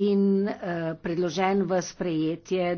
in eh, predložen v sprejetje.